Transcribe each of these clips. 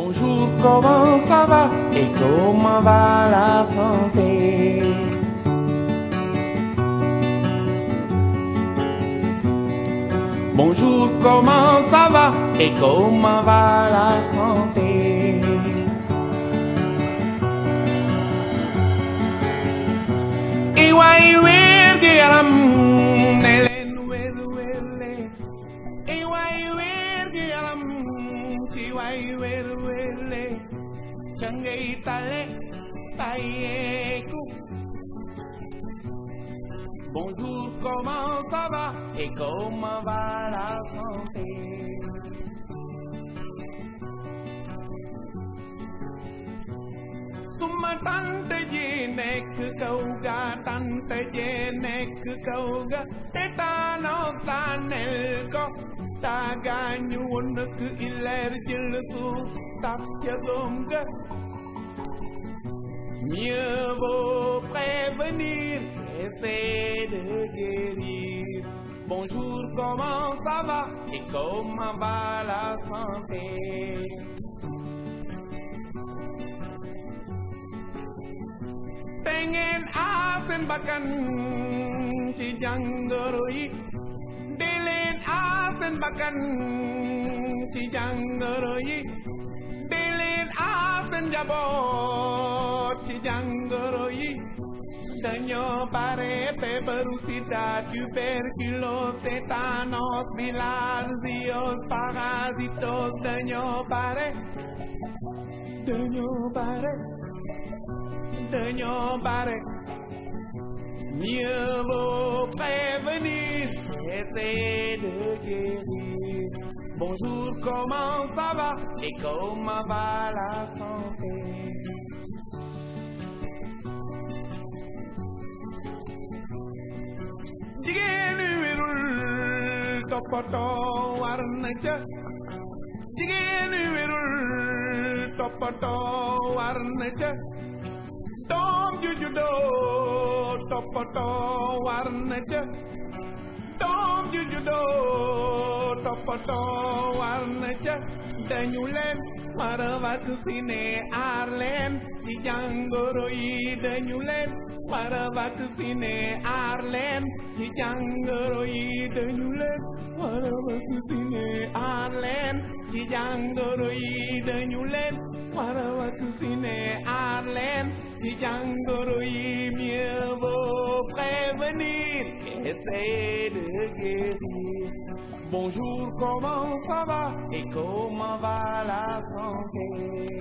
Bonjour, comment ça va et comment va la santé Bonjour, comment ça va et comment va la santé Et change itale païeku. Bonjour, comment ça va et comment va la santé? Suma tante je nek kauga, tante je nek kauga, tetanos tanelko. taagaa ñëwoon nag ileer jël suuf taf ca doom ga mieux vaut prévenir et de guérir bonjour comment ça va et comment santé te ngeen ci jàngoro lên ba canh chỉ chẳng ngờ rồi đi lên á sen ya bo chỉ chẳng ngờ rồi Daño pare peperucida tuberculos tetanos milarzios parasitos daño pare daño pare daño pare mieux vaut prévenir essayer de guérir. Bonjour, comment ça va et comment va la wérul toppatoo war na ca jigéen wérul toppatoo ju juddoo toppatoo war na ca dañu leen war a vacciner aar leen ci jàngoro yi dañu leen war a vacciner aar leen ci jàngoro yi dañu leen war a vacciner aar leen ci jàngoro yi dañu leen war a vacciner aar leen ci jàngoro yi mieux vaut prévenir essayer Bonjour, comment ça va et comment va la santé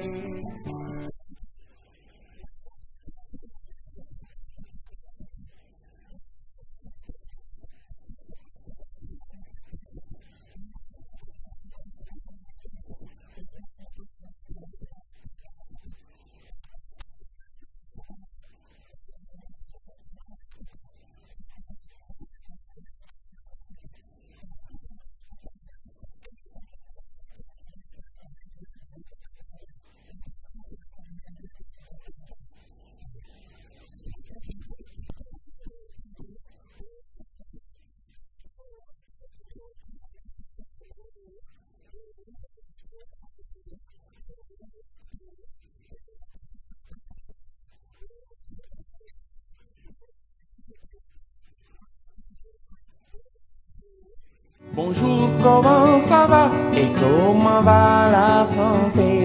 Bonjour, comment ça va et comment va la santé